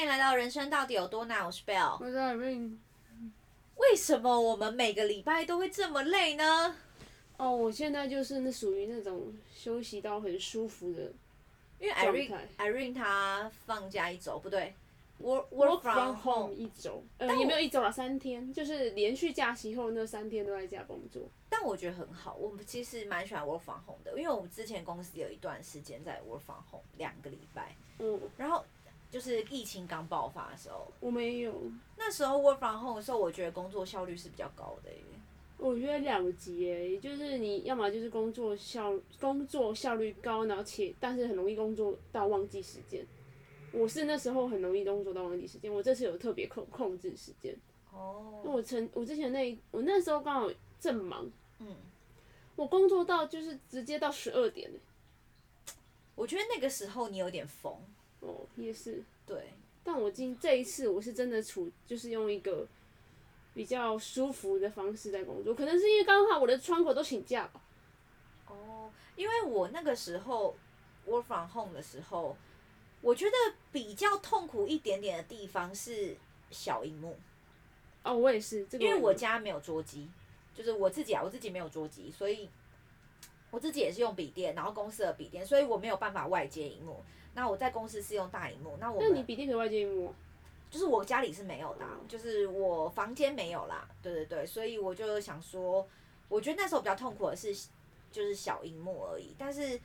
歡迎來到人生到底有多難？我是 Bell。我是 Irene。為什麼我們每個禮拜都會這麼累呢？哦，oh, 我現在就是那屬於那種休息到很舒服的。因為 Irene，Irene 她放假一周，不對，Work Work from home 一周，呃、但我也沒有一周了、啊，三天，就是連續假期後那三天都在家工作。但我覺得很好，我們其實蠻喜歡 Work from home 的，因為我們之前公司有一段時間在 Work from home 兩個禮拜，嗯，oh. 然後。就是疫情剛爆發的時候，我沒有。那時候 work from home 的時候，我覺得工作效率是比較高的。欸，我覺得兩級耶、欸，就是你要麼就是工作效工作效率高，然後且但是很容易工作到忘記時間。我是那時候很容易工作到忘記時間，我這次有特別控控制時間。哦。那我曾我之前那一我那時候剛好正忙。嗯。我工作到就是直接到十二點。欸。我覺得那個時候你有點瘋。哦，也是。對，但我今這一次我是真的處，就是用一個比較舒服的方式在工作，可能是因為剛好我的窗口都請假了。哦，oh, 因為我那個時候我 from home 的時候，我覺得比較痛苦一點點的地方是小熒幕。哦，oh, 我也是，這個，因為我家沒有桌機，就是我自己啊，我自己沒有桌機，所以我自己也是用筆電，然後公司的筆電，所以我沒有辦法外接熒幕。那我在公司是用大熒幕，那我你必定是外接熒幕就是我家裡是沒有的，嗯、就是我房間沒有啦，對對對，所以我就想說，我覺得那時候比較痛苦的是，就是小熒幕而已，但是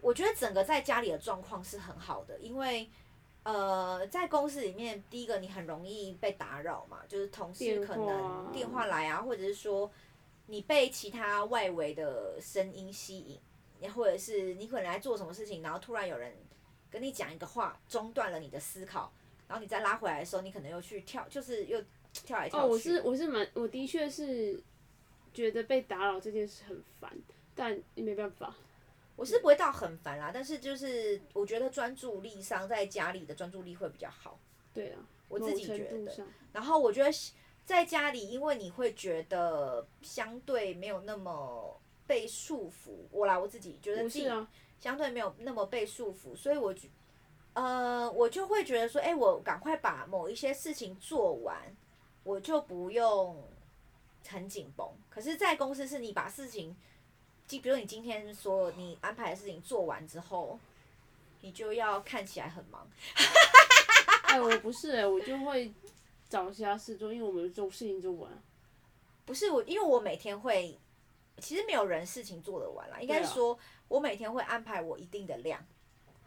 我覺得整個在家裡的狀況是很好的，因為呃，在公司裡面第一個你很容易被打擾嘛，就是同事可能電話來啊，或者是說你被其他外圍的聲音吸引，然或者是你可能在做什麼事情，然後突然有人。跟你講一個話，中斷了你的思考，然後你再拉回來的時候，你可能又去跳，就是又跳來跳去。哦，我是我是蠻，我的確是覺得被打擾這件事很煩，但沒辦法。我是不會到很煩啦，但是就是我覺得專注力上，在家裡的專注力會比較好。對啊，我自己覺得。然後我覺得在家裡，因為你會覺得相對沒有那麼被束縛。我啦，我自己覺得是啊。相對沒有那麼被束縛，所以我，呃，我就會覺得說，哎、欸，我趕快把某一些事情做完，我就不用很緊繃。可是，在公司是你把事情，就比如你今天說你安排的事情做完之後，你就要看起來很忙。 哎，我不是、欸，我就會找其他事做，因為我沒有做事情做完，不是我，因為我每天會。其實沒有人事情做得完啦，應該說，我每天會安排我一定的量，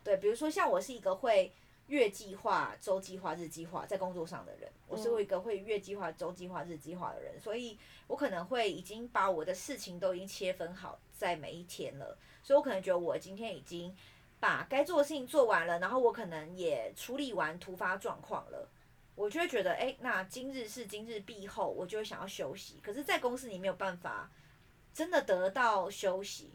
對，啊、對，比如說像我是一個會月計劃、周計劃、日計劃在工作上的人，嗯、我是一個會月計劃、周計劃、日計劃的人，所以我可能會已經把我的事情都已經切分好在每一天了，所以我可能覺得我今天已經把該做的事情做完了，然後我可能也處理完突發狀況了，我就會覺得，哎、欸，那今日事今日畢後，我就會想要休息，可是，在公司你沒有辦法。真的得到休息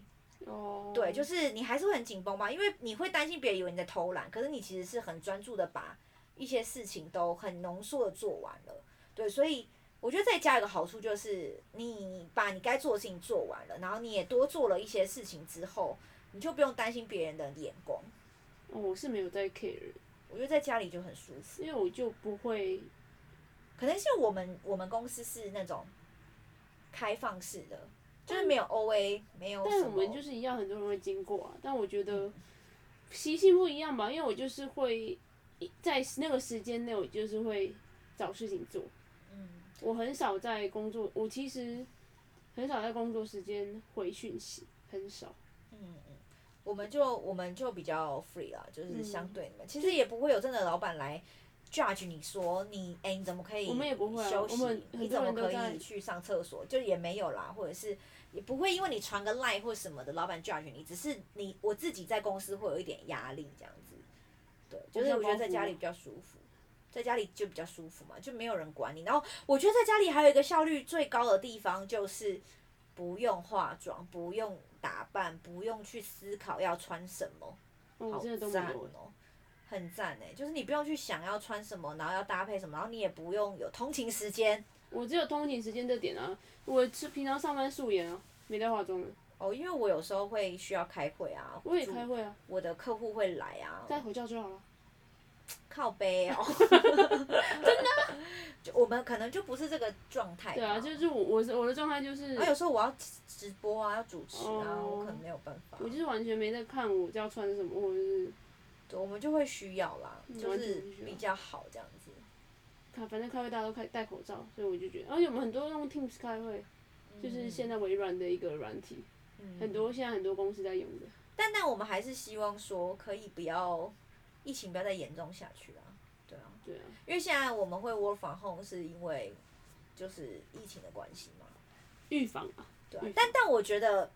，oh. 對，就是你還是會很緊繃嘛，因為你會擔心別人以為你在偷懶，可是你其實是很專注的把一些事情都很濃縮的做完了，對，所以我覺得在家有一個好處就是你把你該做的事情做完了，然後你也多做了一些事情之後，你就不用擔心別人的眼光。我是沒有在 care，我覺得在家裡就很舒服，因為我就不會，可能像我們我們公司是那種開放式的。但就是沒有 OA，沒有。但我們就是一樣，很多人會經過、啊。但我覺得習性不一樣吧，因為我就是會在那個時間內，我就是會找事情做。嗯。我很少在工作，我其實很少在工作時間回訊息，很少。嗯嗯，我們就我們就比較 free 啦，就是相對你們，嗯、其實也不會有真的老板來 judge 你說你哎、欸、你怎麼可以我們也不會、啊、我們很人你怎麼可以去上廁所，就也沒有啦，或者是。也不會因為你傳個賴或什麼的，老闆 judge 你，只是你我自己在公司會有一點壓力這樣子，對，就是我覺得在家裡比較舒服，啊、在家裡就比較舒服嘛，就沒有人管你。然後我覺得在家裡還有一個效率最高的地方就是不用化妝、不用打扮、不用去思考要穿什麼，好贊、喔、哦，很贊誒、欸。就是你不用去想要穿什麼，然後要搭配什麼，然後你也不用有通勤時間。我只有通勤時間這點啊，我是平常上班素顏啊，沒得化妝。哦，因為我有時候會需要開會啊。我也開會啊。我的客戶會來啊。戴口罩就好了。靠杯哦、喔。 真的、啊？ 就我們可能就不是這個狀態。對啊，就是我，我，我的狀態就是。我、啊、有時候我要直播啊，要主持啊，哦、我可能沒有辦法。我就是完全沒在看我要穿什麼，我就是。我們就會需要啦，要要就是比較好這樣子。他反正開會大家都開戴口罩，所以我就覺得，而、啊、且我們很多用 Teams 開會，嗯、就是現在微軟的一個軟體，嗯、很多現在很多公司在用的。但但我們還是希望說可以不要，疫情不要再嚴重下去了。對啊，對啊，因為現在我們會 work from home 是因為，就是疫情的關係嘛，預防啊。對，啊，預防。但但我覺得。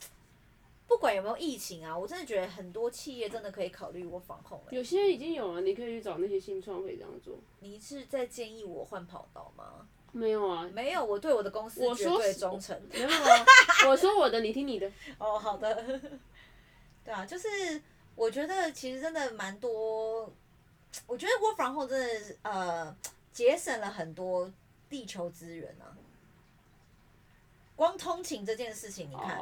不管有沒有疫情啊，我真的覺得很多企業真的可以考慮 WFH、欸。有些已經有了，你可以去找那些新創，會這樣做。你是在建議我換跑道嗎？沒有啊。沒有，我對我的公司絕對忠誠。沒有啊， 我說我的，你聽你的。哦，好的。 對啊，就是我覺得其實真的蠻多，我覺得 WFH 真的呃節省了很多地球資源啊。光通勤這件事情，你看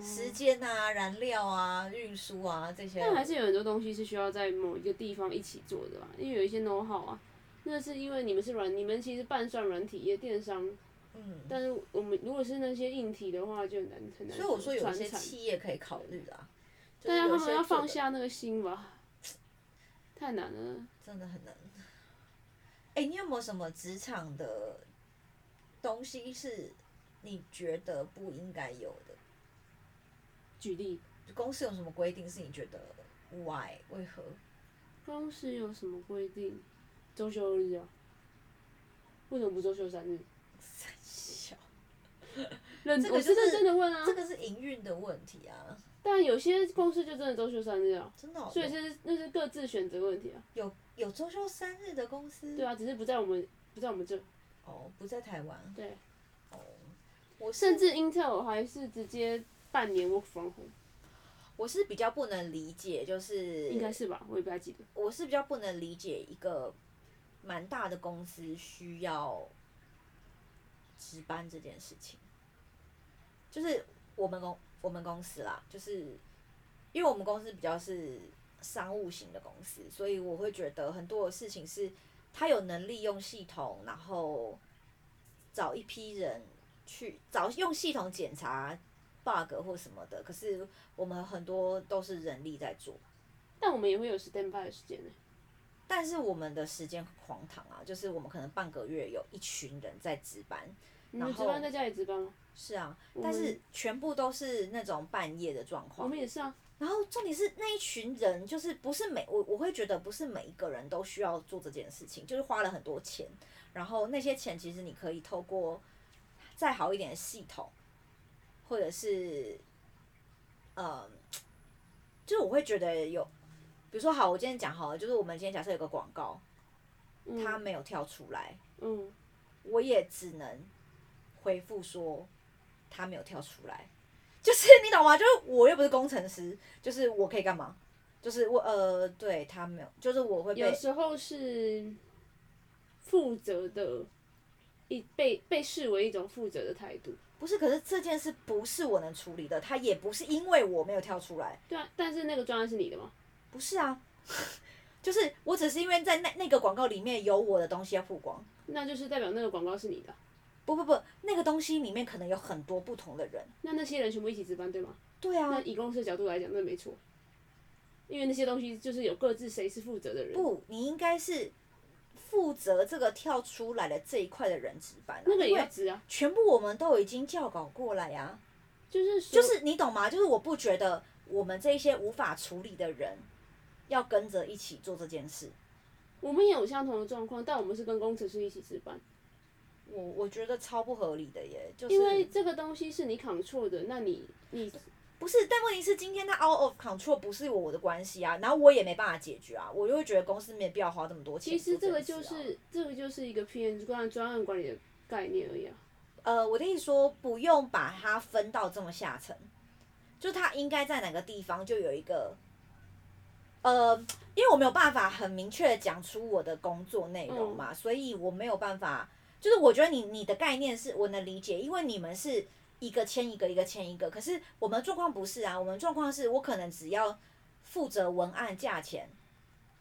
時間啊、燃料啊、運輸啊這些，但還是有很多東西是需要在某一個地方一起做的吧？因為有一些 know how 啊，那是因為你們是軟，你們其實半算軟體業電商，嗯，但是我們如果是那些硬體的話，就很難很難。所以我說有些企業可以考慮的，大家他們要放下那個心吧，太難了，真的很難。哎，你有沒有什麼職場的東西是？你覺得不應該有的舉例，公司有什麼規定？是你覺得的 why 為何？公司有什麼規定？周休日啊？為什麼不周休三日？認真的問啊。這個、就是營運的問題啊。但有些公司就真的周休三日啊。真的。所以就是那是各自選擇問題啊。有有周休三日的公司。對啊，只是不在我們不在我們這。哦，不在台灣。對。我甚至英特爾還是直接半年 work from home，我是比較不能理解，就是應該是吧，我也不太記得。我是比較不能理解一個蠻大的公司需要值班這件事情，就是我們公我們公司啦，就是因為我們公司比較是商務型的公司，所以我會覺得很多的事情是他有能力用系統，然後找一批人。去找用系統檢查 bug 或什麼的，可是我們很多都是人力在做，但我們也會有 stand by 的時間呢、欸。但是我們的時間很荒唐啊，就是我們可能半個月有一群人在值班，然後你們值班，在家裡值班？是啊，我們但是全部都是那種半夜的狀況。我們也是啊。然後重點是那一群人，就是不是每我我會覺得不是每一個人都需要做這件事情，就是花了很多錢，然後那些錢其實你可以透過。再好一點的系統，或者是，呃，就是我會覺得有，比如說好，我今天講好了，就是我們今天假設有個廣告，嗯，他沒有跳出來，嗯，我也只能回復說他沒有跳出來，就是你懂嗎？就是我又不是工程師，就是我可以幹嘛？就是我呃，對他沒有，就是我會有時候是負責的。一被被視為一種負責的態度，不是？可是這件事不是我能處理的，他也不是因為我沒有跳出來。對啊，但是那個專案是你的嗎？不是啊， 就是我只是因為在那那個廣告裡面有我的東西要曝光，那就是代表那個廣告是你的啊？不不不，那個東西裡面可能有很多不同的人，那那些人全部一起值班對嗎？對啊，那以公司的角度來講，那沒錯，因為那些東西就是有各自誰是負責的人，不，你應該是。負責這個跳出來的這一塊的人值班。啊，那個也要值啊，全部我們都已經叫稿過來呀。啊，就是就是你懂嗎？就是我不覺得我們這一些無法處理的人要跟着一起做這件事。我們也有相同的狀況，但我們是跟工程師一起值班。我我覺得超不合理的耶，就是，因為這個東西是你扛錯的，那你你。不是，但問題是今天他 out of control，不是我我的關係啊，然後我也沒辦法解決啊，我就會覺得公司沒必要花這麼多錢多、啊。其實這個就是這個就是一個偏專案管理的概念而已啊。呃，我跟你說，不用把它分到這麼下層，就他應該在哪個地方就有一個。呃，因為我沒有辦法很明確的講出我的工作內容嘛，嗯、所以我沒有辦法，就是我覺得你你的概念是我能理解，因為你們是。一個簽一個，一個簽一個。可是我們狀況不是啊，我們狀況是我可能只要負責文案價錢，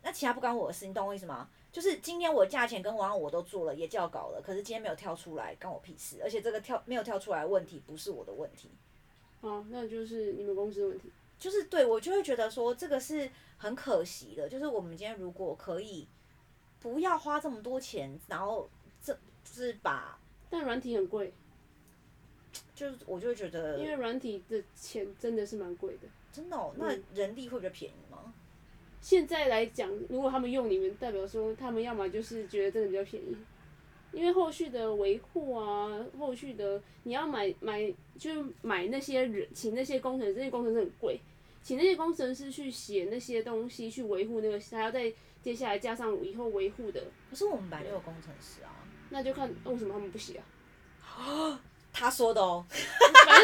那其他不關我的事，你懂我意思嗎？就是今天我價錢跟文案我都做了，也交稿了，可是今天沒有跳出來，關我屁事！而且這個跳沒有跳出來問題，不是我的問題。哦、啊，那就是你們公司的問題。就是對我就會覺得說這個是很可惜的，就是我們今天如果可以不要花這麼多錢，然後這就是把但軟體很貴。就是我就會覺得，因為軟體的錢真的是蠻貴的。真的哦，那人力會比較便宜嗎？嗯，現在來講，如果他們用你們，代表說他們要麼就是覺得這個比較便宜，因為後續的維護啊，後續的你要買買，就買那些人，請那些工程師，那些工程師很貴，請那些工程師去寫那些東西去維護那個，還要在接下來加上以後維護的。可是我們本來就有工程師啊。嗯，那就看為什麼他們不寫啊？啊。他說的哦，反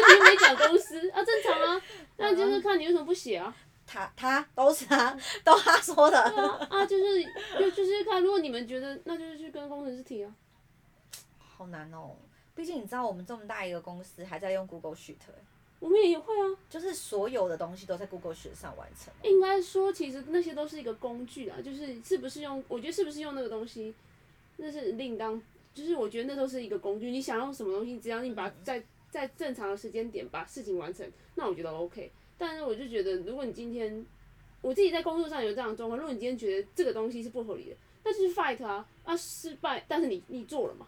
正你又沒講公司啊，正常啊。那就是看你為什麼不寫啊？嗯，他他都是他都他說的啊，啊，就是就就是看。如果你們覺得，那就是去跟工程師提啊。好難哦！畢竟你知道，我們這麼大一個公司還在用 Google Sheet，欸，我們也，也會啊。就是所有的東西都在 Google Sheet 上完成。應該說，其實那些都是一個工具啊，就是是不是用？我覺得是不是用那個東西，那是另當。就是我覺得那都是一個工具，你想要用什麼東西，只要你把在在正常的時間點把事情完成，那我覺得 OK。但是我就覺得，如果你今天，我自己在工作上有這樣的狀況，如果你今天覺得這個東西是不合理的，那就是 fight 啊，那、啊、失敗，但是你你做了嘛。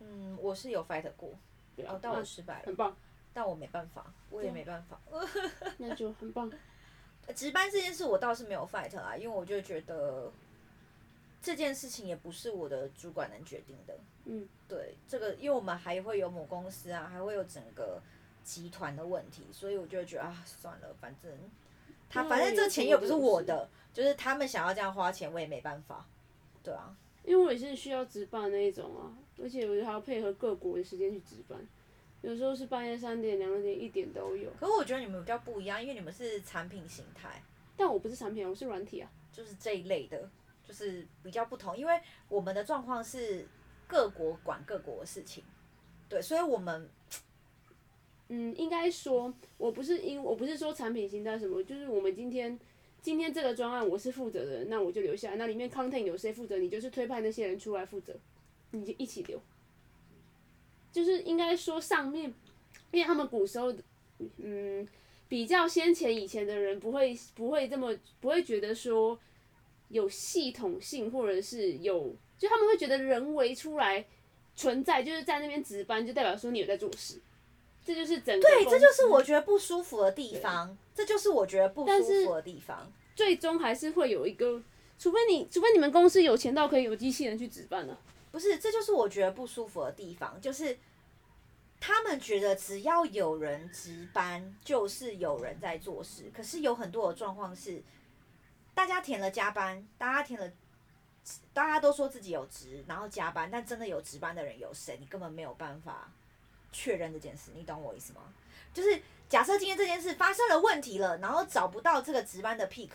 嗯，我是有 fight 過，但、啊哦、我，我失敗了，很棒，但我沒辦法，我也沒辦法， 那就很棒。 值班這件事我倒是沒有 fight 啊，因為我就覺得。這件事情也不是我的主管能決定的。嗯，對，這個因為我們還會有母公司啊，還會有整個集團的問題，所以我就覺得啊，算了，反正他反正這錢又不是我的，是就是他們想要這樣花錢，我也沒辦法。對啊，因為我也是需要值班那一種啊，而且我就還要配合各國的時間去值班，有時候是半夜三點、兩，兩點、一點都有。可我覺得你們比較不一樣，因為你們是產品形態，但我不是產品，我是軟體啊，就是這一類的。就是比較不同，因為我們的狀況是各國管各國的事情，對，所以我們，嗯，應該說，我不是因我不是說產品型態什麼，就是我們今天今天這個專案我是負責的，那我就留下，那裡面 content 有誰負責，你就是推派那些人出來負責，你就一起留，就是應該說上面，因為他們古時候，嗯，比較先前以前的人不會不會這麼不會覺得說。有系統性，或者是有，就他們會覺得人為出來存在，就是在那邊值班，就代表說你有在做事。這就是整個對，這就是我覺得不舒服的地方，對這就是我覺得不舒服的地方。最終還是會有一個，除非你除非你們公司有錢到可以有機器人去值班的、啊。不是，這就是我覺得不舒服的地方，就是他們覺得只要有人值班，就是有人在做事。可是有很多的狀況是。大家填了加班，大家填了，大家都說自己有值，然後加班，但真的有值班的人有誰？你根本沒有辦法確認這件事，你懂我意思嗎？就是假設今天這件事發生了問題了，然後找不到這個值班的 pick，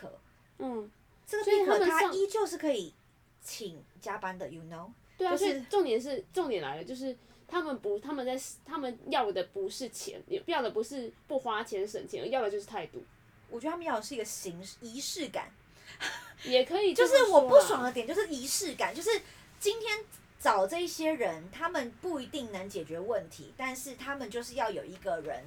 嗯，這個 pick 他依舊是可以請加班的，you know？、嗯、對啊，就是、重點是重點來了，就是他們不，他們在他們要的不是錢，要的不是不花錢省錢，要的就是態度。我覺得他們要的是一個形式儀式感。也可以，啊，就是我不爽的點就是儀式感，就是今天找這些人，他們不一定能解決問題，但是他們就是要有一個人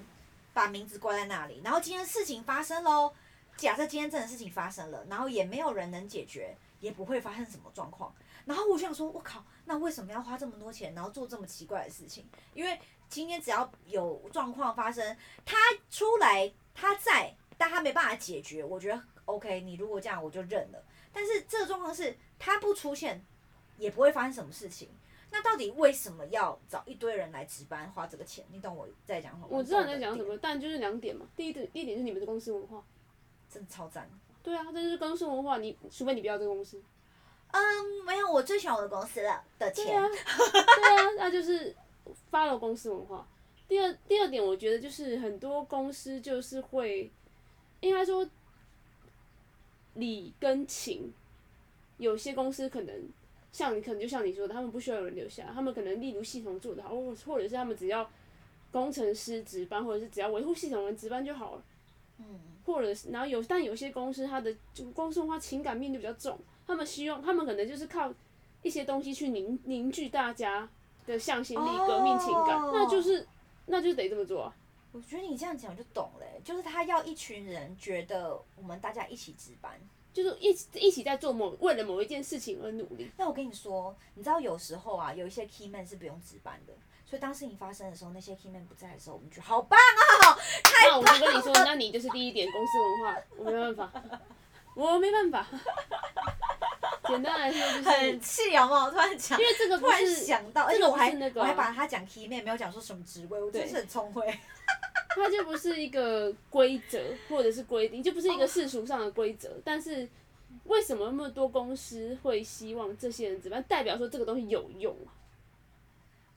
把名字掛在那裡，然後今天事情發生嘍。假設今天真的事情發生了，然後也沒有人能解決，也不會發生什麼狀況。然後我就想說，我靠，那為什麼要花這麼多錢，然後做這麼奇怪的事情？因為今天只要有狀況發生，他出來他在，但他沒辦法解決，我覺得 OK。你如果這樣，我就認了。但是這個狀況是，他不出現，也不會發生什麼事情。那到底為什麼要找一堆人來值班，花這個錢？你懂我在講什麼？我知道你在講什麼，但就是兩點嘛。第一點，第一點是你們的公司文化，真的超讚。對啊，這就是公司文化。你除非你不要這個公司。嗯，沒有，我最喜歡我的公司了。的錢。對啊，對啊，那就是發了公司文化。 第二，第二點，我覺得就是很多公司就是會，應該說。理跟情，有些公司可能像，像你可能就像你說的，他們不需要有人留下，他們可能例如系統做得好，或者是他們只要工程師值班，或者是只要維護系統的人值班就好了。嗯。或者是，然後有，但有些公司它的就公司的話，情感面就比較重，他們希望他們可能就是靠一些東西去凝凝聚大家的向心力、革命情感，Oh. 那就是那就得這麼做啊。我覺得你這樣講我就懂了、欸。就是他要一群人覺得我們大家一起值班，就是一一起在做某為了某一件事情而努力。那我跟你說，你知道有時候啊，有一些 key man 是不用值班的，所以當事情發生的時候，那些 key man 不在的時候，我們覺得好棒啊、喔！太棒了。我就跟你說，那你就是第一點公司文化， 我沒辦法，我沒辦法。 簡單來說就是很氣有沒有！突然講，因為這個突然想到，而且這個我還、啊、我還把他講 key man 沒有講說什麼職位，我真的很聰慧。對 它就不是一個規則，或者是規定，就不是一個世俗上的規則。Oh. 但是，為什麼那麼多公司會希望這些人怎麼樣？代表說這個東西有用、啊、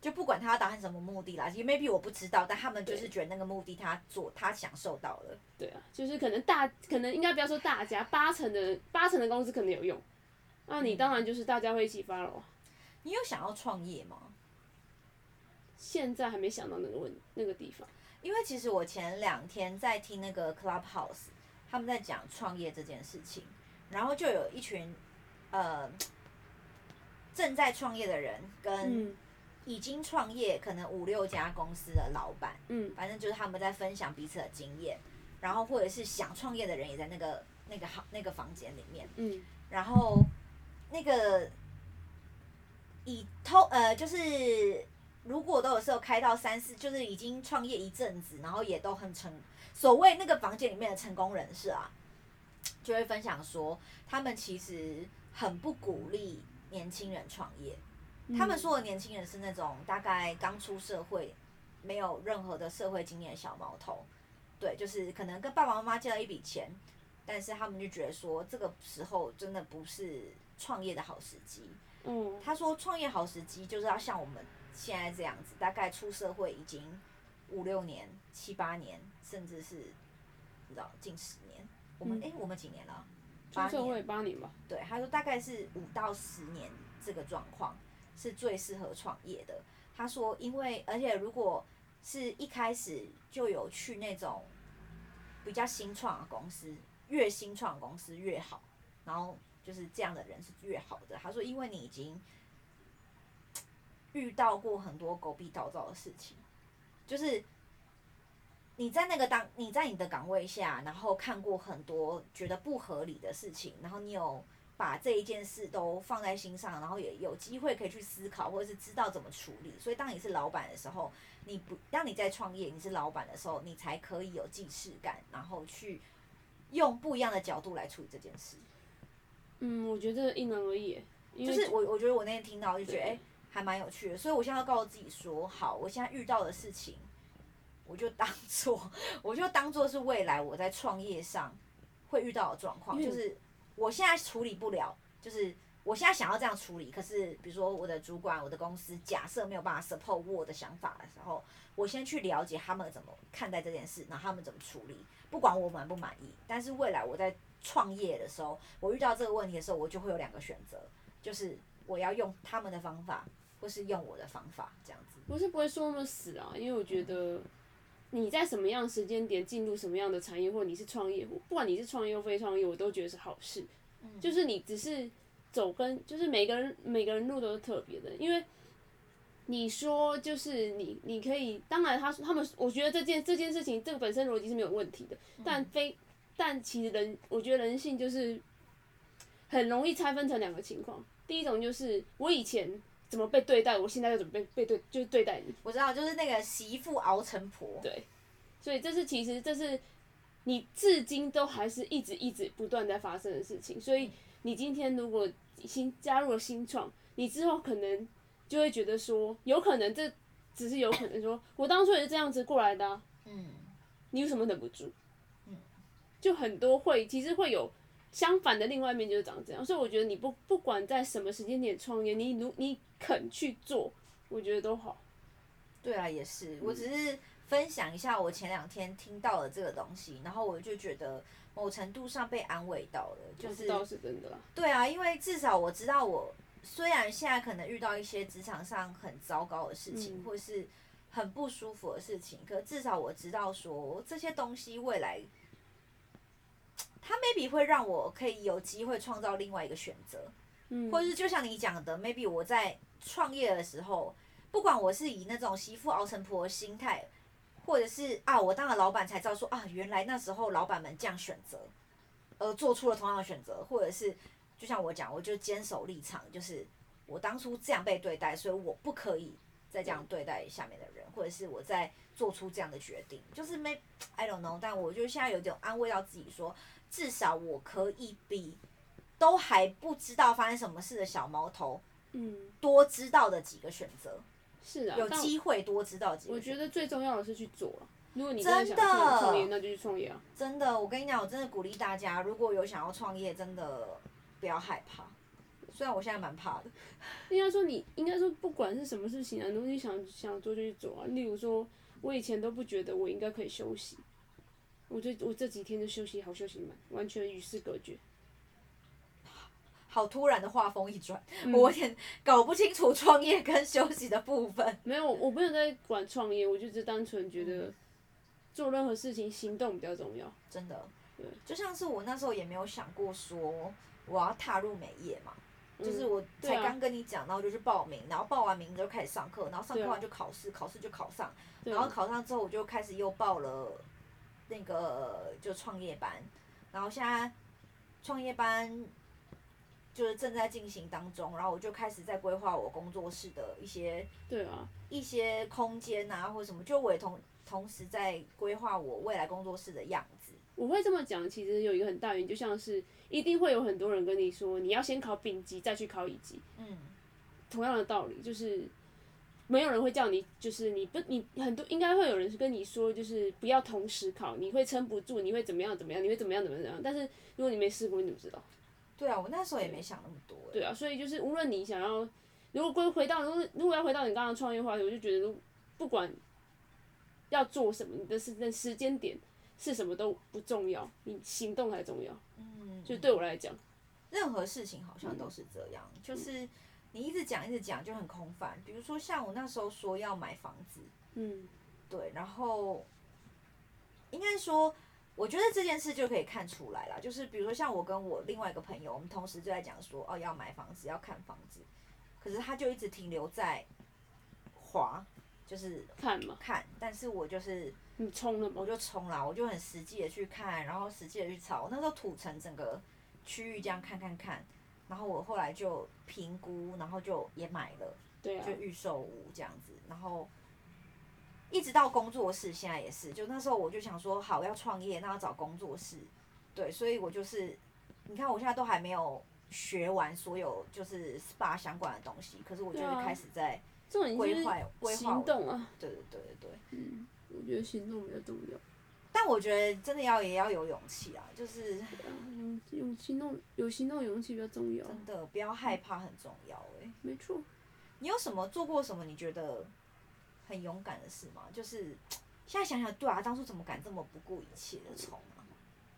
就不管他達成什麼目的啦，也 maybe 我不知道，但他們就是覺得那個目的他做他享受到了。對啊，就是可能大可能應該不要說大家，八成的八成的公司可能有用。那、啊、你當然就是大家會一起 follow。你有想要創業嗎？現在還沒想到那個問那個地方。因為其實我前兩天在聽那個 Clubhouse，他們在講創業這件事情，然後就有一群呃正在創業的人跟已經創業可能五六家公司的老板，嗯，反正就是他們在分享彼此的經驗，然後或者是想創業的人也在那個那個房那個房間裡面，嗯，然後那個以偷呃就是。如果都有時候開到三四，就是已經創業一陣子，然後也都很成所謂那個房間裡面的成功人士啊，就會分享說，他們其實很不鼓勵年輕人創業。嗯，他們說的年輕人是那種大概剛出社會，沒有任何的社會經驗的小毛頭。對，就是可能跟爸爸媽媽借了一筆錢，但是他們就覺得說這個時候真的不是創業的好時機。嗯，他說創業好時機就是要像我們。現在這樣子，大概出社會已經五六年、七八年，甚至是，你知道，近十年。我們誒、嗯欸，我們幾年了？八年、出社會八年吧。對，他說大概是五到十年這個狀況是最適合創業的。他說，因為而且如果是一開始就有去那種比較新創的公司，越新創公司越好，然後就是這樣的人是越好的。他說，因為你已經。遇到過很多狗屁倒灶的事情，就是你在那個當你在你的崗位下，然後看過很多覺得不合理的事情，然後你有把這一件事都放在心上，然後也有機會可以去思考或者是知道怎麼處理。所以，當你是老闆的時候，你不當你在創業，你是老闆的時候，你才可以有既視感，然後去用不一樣的角度來處理這件事。嗯，我覺得而而因人而異。就是我，我覺得我那天聽到就覺得誒。還蠻有趣的，所以我現在要告訴自己說，好，我現在遇到的事情，我就當做，我就當做是未來我在創業上會遇到的狀況，嗯，就是我現在處理不了，就是我現在想要這樣處理，可是比如說我的主管、我的公司，假設沒有辦法 support 我的想法的時候，我先去了解他們怎麼看待這件事，然後他們怎麼處理，不管我滿不滿意，但是未來我在創業的時候，我遇到這個問題的時候，我就會有兩個選擇，就是我要用他們的方法。或是用我的方法這樣子，我是不會說那麼死啊，因為我覺得你在什麼樣時間點進入什麼樣的產業，或你是創業，不管你是創業又非創業，我都覺得是好事。嗯，就是你只是走跟，就是每個人每個人路都是特別的，因為你說就是你你可以，當然他他們，我覺得這件這件事情這個本身邏輯是沒有問題的，嗯，但非但其實人，我覺得人性就是很容易拆分成兩個情況，第一種就是我以前。怎麼被對待？我現在就怎麼被被對，就是對待你。我知道，就是那個媳婦熬成婆。對，所以這是其實這是你至今都還是一直一直不斷在發生的事情。所以你今天如果新加入了新創，你之後可能就會覺得說，有可能這只是有可能說，我當初也是這樣子過來的啊。嗯。你有什麼忍不住？嗯。就很多會，其實會有。相反的另外一面就是長這樣，所以我覺得你不不管在什麼時間點創業，你如你肯去做，我覺得都好。對啊，也是，嗯、我只是分享一下我前兩天聽到的這個東西，然後我就覺得某程度上被安慰到了，就是。我知道是真的啦。對啊，因為至少我知道，我雖然現在可能遇到一些職場上很糟糕的事情，嗯、或是很不舒服的事情，可至少我知道說這些東西未來。他 maybe 會讓我可以有機會創造另外一個選擇，嗯、或者是就像你講的，maybe 我在創業的時候，不管我是以那種媳婦熬成婆心態，或者是啊，我當了老板才知道說啊，原來那時候老板們這樣選擇，呃，做出了同樣的選擇，或者是就像我講，我就堅守立場，就是我當初這樣被對待，所以我不可以再這樣對待下面的人，嗯、或者是我在做出這樣的決定，就是 may I don't know，但我就現在有點安慰到自己說。至少我可以比都還不知道發生什麼事的小毛頭，嗯，多知道的幾個選擇，是啊，有機會多知道幾個。我覺得最重要的是去做啊，如果你真的想要創業，的那就去創業啊。真的，我跟你講，我真的鼓勵大家，如果有想要創業，真的不要害怕。雖然我現在蠻怕的。應該說，你應該說，不管是什麼事情啊，如果你想想做就去做啊。例如說，我以前都不覺得我應該可以休息。我這我這幾天的休息好休息滿，完全與世隔絕。好突然的畫風一轉，嗯、我有點搞不清楚創業跟休息的部分。沒有，我沒有在管創業，我就是單純覺得做任何事情行動比較重要。真的，對就像是我那時候也沒有想過說我要踏入美業嘛，就是我才剛跟你講到就是報名，然後報完名就開始上課，然後上課完就考試，啊、考試就考上，然後考上之後我就開始又報了。那個就創業班，然後現在創業班就是正在進行當中，然後我就開始在規劃我工作室的一些對啊，一些空間啊或者什麼，就我也同同時在規劃我未來工作室的樣子。我會這麼講，其實有一個很大原因，就像是一定會有很多人跟你說，你要先考丙級再去考乙級。嗯，同樣的道理就是。沒有人會叫你，就是你不，你很多應該會有人跟你說，就是不要同時考，你會撐不住，你會怎麼樣怎麼樣，你會怎麼樣怎麼樣。但是如果你沒試過，你怎麼知道？對啊，我那時候也沒想那麼多。對啊，所以就是無論你想要，如果歸回到如果要回到你剛剛的創業的話題，我就覺得，不管要做什麼，你的時間時間點是什麼都不重要，你行動才重要。嗯。就對我來講、嗯，任何事情好像都是這樣，就是。你一直講一直講就很空泛，比如說像我那時候說要買房子，嗯，對，然後應該說，我覺得這件事就可以看出來了，就是比如說像我跟我另外一個朋友，我們同時就在講說哦，要買房子要看房子，可是他就一直停留在滑，就是看嘛看嗎，但是我就是你衝了嗎？我就衝了，我就很實際的去看，然後實際的去炒，那時候土城整個區域這樣看看看。然後我後來就評估，然後就也買了，對啊，就預售屋這樣子。然後一直到工作室，現在也是。就那時候我就想說好，好要創業，那要找工作室，對，所以我就是，你看我現在都還沒有學完所有就是 SPA 相關的東西，可是我就是開始在規劃規劃。行動啊！對對對對對，嗯，我覺得行動也重要。但我覺得真的要也要有勇氣啊，就是有有、啊、行動、有行動有勇氣比較重要。真的，不要害怕很重要哎、欸。沒錯錯。你有什麼做過什麼你覺得很勇敢的事嗎？就是現在想想，對啊，當初怎麼敢這麼不顧一切的衝、啊？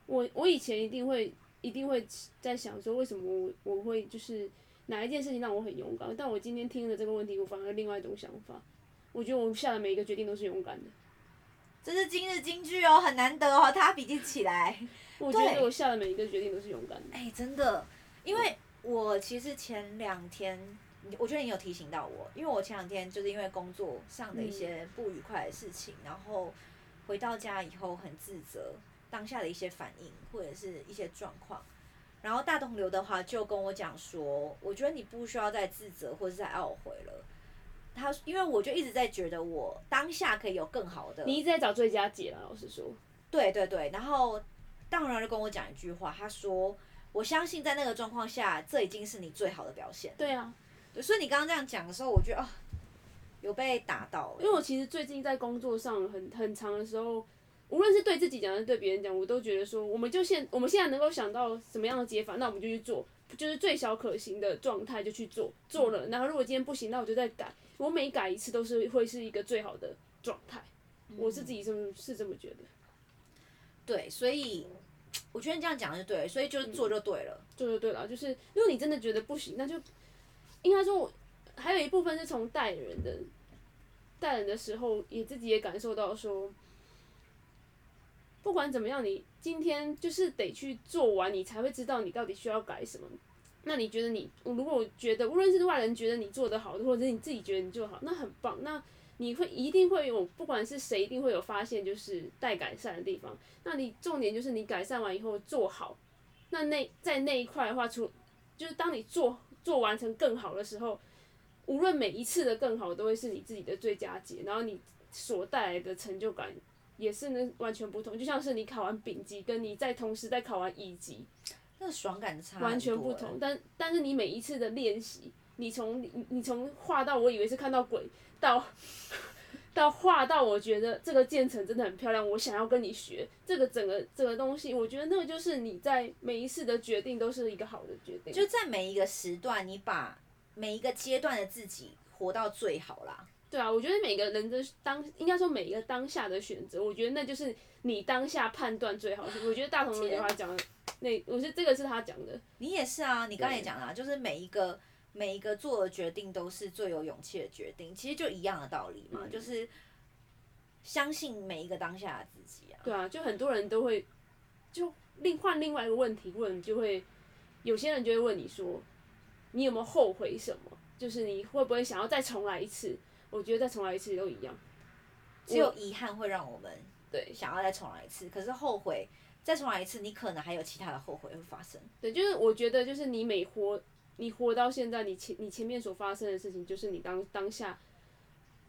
我我以前一定會一定會在想說，為什麼我我會就是哪一件事情讓我很勇敢？但我今天聽了這個問題，我反而有另外一種想法。我覺得我下的每一個決定都是勇敢的。這是今日金句哦，很難得哦。他筆記起來，對，我,我下，的每一個決定都是勇敢的。哎，欸、真的，因為我其實前兩天，我覺得你有提醒到我，因為我前兩天就是因為工作上的一些不愉快的事情，嗯、然後回到家以後很自責，當下的一些反應或者是一些狀況，然後大東劉的話就跟我講說，我覺得你不需要再自責或者是再懊悔了。他因為我就一直在覺得我當下可以有更好的。你一直在找最佳解啦，老實說。對對對，然後當然就跟我講一句話，他說：“我相信在那個狀況下，這已經是你最好的表現。”對啊，所以你剛剛這樣講的時候，我覺得啊有被打到，因為我其實最近在工作上很很長的時候，無論是對自己講還是對別人講，我都覺得說，我們就現我們現在能夠想到什麼樣的解法，那我們就去做，就是最小可行的狀態就去做，做了，然後如果今天不行，那我就再改。我每改一次都是會是一個最好的狀態，我是自己這麼、嗯、是這麼覺得。對，所以我覺得你這樣講就對，所以就做就對了，嗯、做就對了，就是如果你真的覺得不行，那就應該說我，還有一部分是從帶人的帶人的時候，也自己也感受到說，不管怎麼樣，你今天就是得去做完，你才會知道你到底需要改什麼。那你覺得你，如果覺得無論是外人覺得你做得好，或者是你自己覺得你做得好，那很棒。那你會一定會有，不管是誰，一定會有發現，就是待改善的地方。那你重點就是你改善完以後做好。那那在那一塊的話，除就是當你做做完成更好的時候，無論每一次的更好，都會是你自己的最佳解，然後你所帶來的成就感也是能完全不同。就像是你考完丙級，跟你在同時在考完乙級。那爽感差，完全不同。但但是你每一次的練習，你從你從畫到我以為是看到鬼，到到畫到我覺得這個漸層真的很漂亮，我想要跟你學這個整個這個東西。我覺得那個就是你在每一次的決定都是一個好的決定，就在每一個時段，你把每一個階段的自己活到最好啦。對啊，我覺得每個人的當應該說每一個當下的選擇，我覺得那就是你當下判斷最好。啊、我覺得大同的話講的。那我覺得這個是他講的，你也是啊，你剛才也講了，啊，對就是每一個每一個做的決定都是最有勇氣的決定，其實就一樣的道理嘛，嗯、就是相信每一個當下的自己啊。對啊，就很多人都會就另換另外一個問題問，就會有些人就會問你說，你有沒有後悔什麼？就是你會不會想要再重來一次？我覺得再重來一次都一樣，我只有遺憾會讓我們對，對想要再重來一次，可是後悔。再重來一次，你可能還有其他的後悔會發生。對，就是我覺得，就是你每活，你活到現在，你前你前面所發生的事情，就是你當當下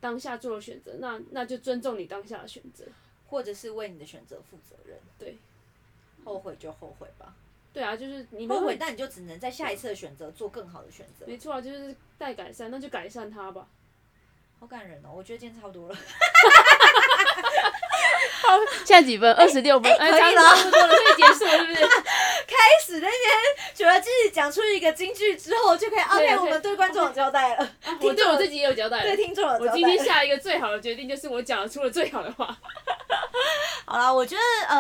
當下做的選擇，那那就尊重你當下的選擇，或者是為你的選擇負責任。對，後悔就後悔吧。對啊，就是你們後悔，那你就只能在下一次的選擇做更好的選擇。沒錯啊，就是待改善，那就改善它吧。好感人哦，我覺得今天差不多了。 現在幾分？二十六分，欸欸。可以了，差不多了，可 以結束了是不是？開始那邊覺得自己講出一個金句之後，就可以啊，OK，我們對觀眾有交代了，我對，了我對我自己也有交代了，對聽眾，我今天下一個最好的決定就是我講出了最好的話。 好了，我覺得嗯，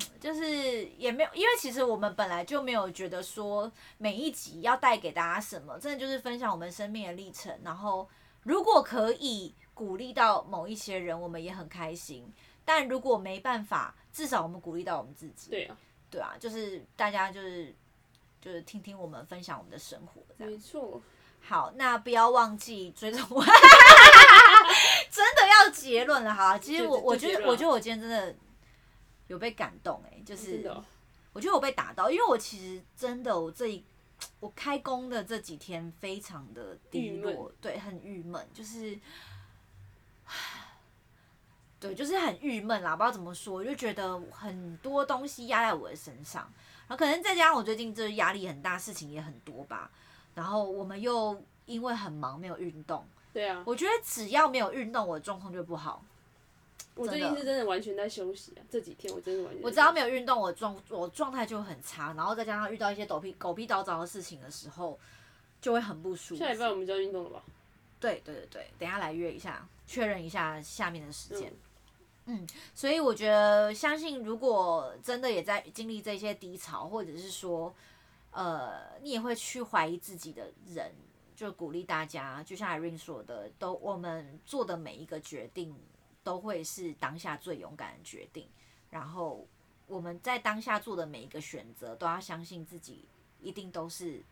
呃，就是也沒有，因為其實我們本來就沒有覺得說每一集要帶給大家什麼，真的就是分享我們生命的歷程，然後如果可以鼓勵到某一些人，我們也很開心。但如果沒辦法，至少我們鼓勵到我們自己。對啊，對啊，就是大家就是就是聽聽我們分享我們的生活，沒錯錯。好，那不要忘記追蹤我。 真的要結論了哈、啊，其實我我覺得我覺得我今天真的有被感動哎、欸，就是我覺得我被打到，因為我其實真的我這一我開工的這幾天非常的低落，悶對，很鬱悶，就是。對，就是很鬱悶啦，不知道怎麼說，就覺得很多東西壓在我的身上，然後可能再加上我最近就是壓力很大，事情也很多吧，然後我們又因為很忙沒有運動。對啊。我覺得只要沒有運動，我的狀況就不好。我最近是真的完全在休息啊，這幾天我真的完全在休息。我只要沒有運動，我狀我狀態就很差，然後再加上遇到一些屁狗屁狗屁倒灶的事情的時候，就會很不舒服。下禮拜我們就要運動了吧？對對對對，等一下來約一下，確認一下下面的時間。嗯嗯，所以我覺得，相信如果真的也在經歷這些低潮，或者是說，呃，你也會去懷疑自己的人，就鼓勵大家，就像 Rain 說的，都我們做的每一個決定，都會是當下最勇敢的決定。然後我們在當下做的每一個選擇，都要相信自己一定都是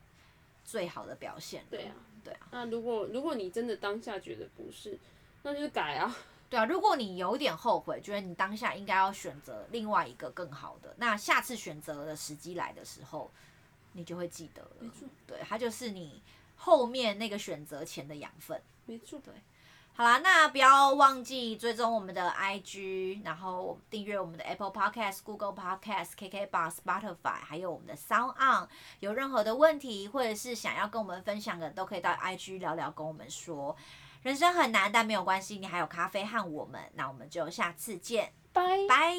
最好的表現的。對啊，對啊。那如果如果你真的當下覺得不是，那就是改啊。對啊，如果你有點後悔，覺得你當下應該要選擇另外一個更好的，那下次選擇的時機來的時候，你就會記得了。沒錯，對，它就是你後面那個選擇前的養分。沒錯，對。好啦，那不要忘記追蹤我們的 IG，然後訂閱我們的 Apple Podcast、Google Podcast、KKBOX、Spotify，還有我們的 Sound On。有任何的問題或者是想要跟我們分享的，都可以到 IG 聊聊，跟我們說。人生很難，但沒有關係，你還有咖啡和我們。那我們就下次見，拜拜。